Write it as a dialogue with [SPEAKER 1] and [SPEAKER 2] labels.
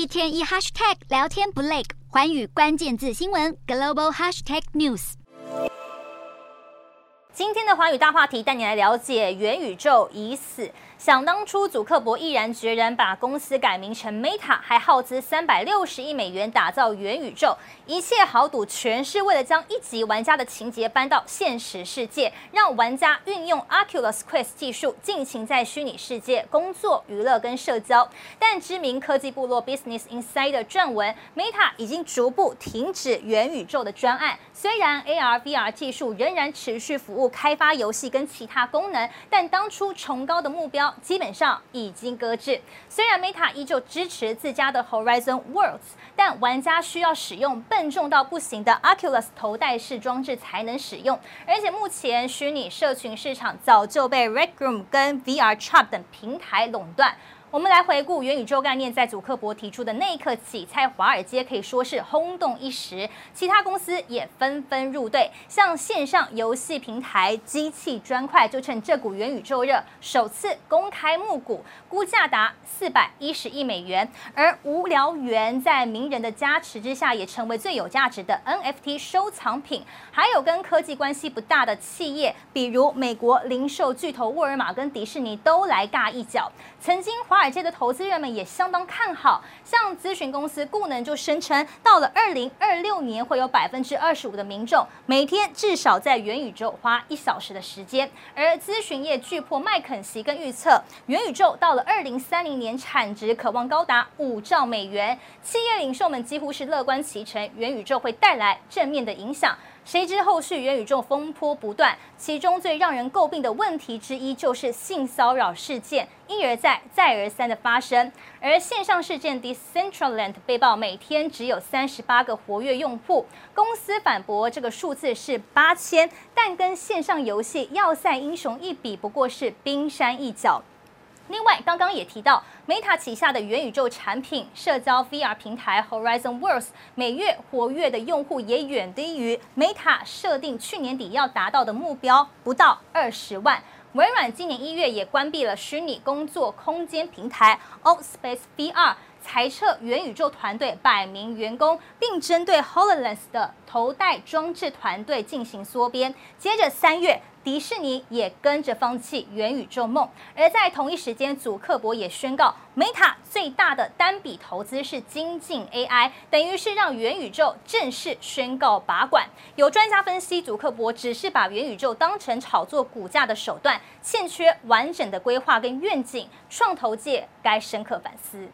[SPEAKER 1] 一天一 hashtag 聊天不累，寰宇關鍵字新聞 global hashtag news。今天的寰宇大話題，帶你來了解元宇宙已死。想當初，祖克柏毅然決然把公司改名成 Meta，還耗資三百六十億美元打造元宇宙，一切豪賭全是為了將一級玩家的情節搬到現實世界，讓玩家運用 Oculus Quest 技術，盡情在虛擬世界工作、娛樂跟社交。但知名科技部落 Business Insider 撰文，Meta 已經逐步停止元宇宙的專案。雖然 AR/VR 技術仍然持續服務開發遊戲跟其他功能，但當初崇高的目標，基本上已經擱置。雖然 Meta 依舊支持自家的 Horizon Worlds，但玩家需要使用笨重到不行的 Oculus 頭戴式裝置才能使用。而且目前虛擬社群市場早就被 Rec Room、跟 VR Chat 等平台壟斷。我們來回顧元宇宙概念在祖克柏提出的那一刻起，在華爾街可以說是轟動一時，其他公司也紛紛入隊。像線上遊戲平台機器磚塊就趁這股元宇宙熱，首次公開募股，估價達四百一十億美元。而無聊猿在名人的加持之下，也成為最有價值的 NFT 收藏品。還有跟科技關係不大的企業，比如美國零售巨頭沃爾瑪跟迪士尼都來尬一腳。曾經華。華爾街的投資人們也相當看好，像諮詢公司顧能就聲稱，到了二零二六年，會有百分之二十五的民眾每天至少在元宇宙花一小時的時間。而諮詢業巨擘麥肯錫跟預測，元宇宙到了二零三零年產值可望高達五兆美元。企業領袖們幾乎是樂觀其成，元宇宙會帶來正面的影響。誰知後續元宇宙風波不斷，其中最讓人詬病的問題之一就是性騷擾事件一而再再而三的發生，而線上事件 Decentraland 被曝每天只有三十八個活躍用戶，公司反駁這個數字是八千，但跟線上遊戲《要塞英雄》一比，不過是冰山一角。另外，剛剛也提到，Meta 旗下的元宇宙產品社交 VR 平台 Horizon Worlds 每月活躍的用戶也遠低於 Meta 設定去年底要達到的目標，不到二十萬。微軟今年一月也關閉了虛擬工作空間平台 AltspaceVR。裁撤元宇宙團隊百名員工，並針對 Hololens 的頭戴裝置團隊進行縮編。接着三月，迪士尼也跟着放棄元宇宙夢。而在同一時間，祖克柏也宣告，Meta 最大的單筆投資是精進 AI，等於是讓元宇宙正式宣告拔管。有專家分析，祖克柏只是把元宇宙當成炒作股價的手段，欠缺完整的規劃跟願景，創投界該深刻反思。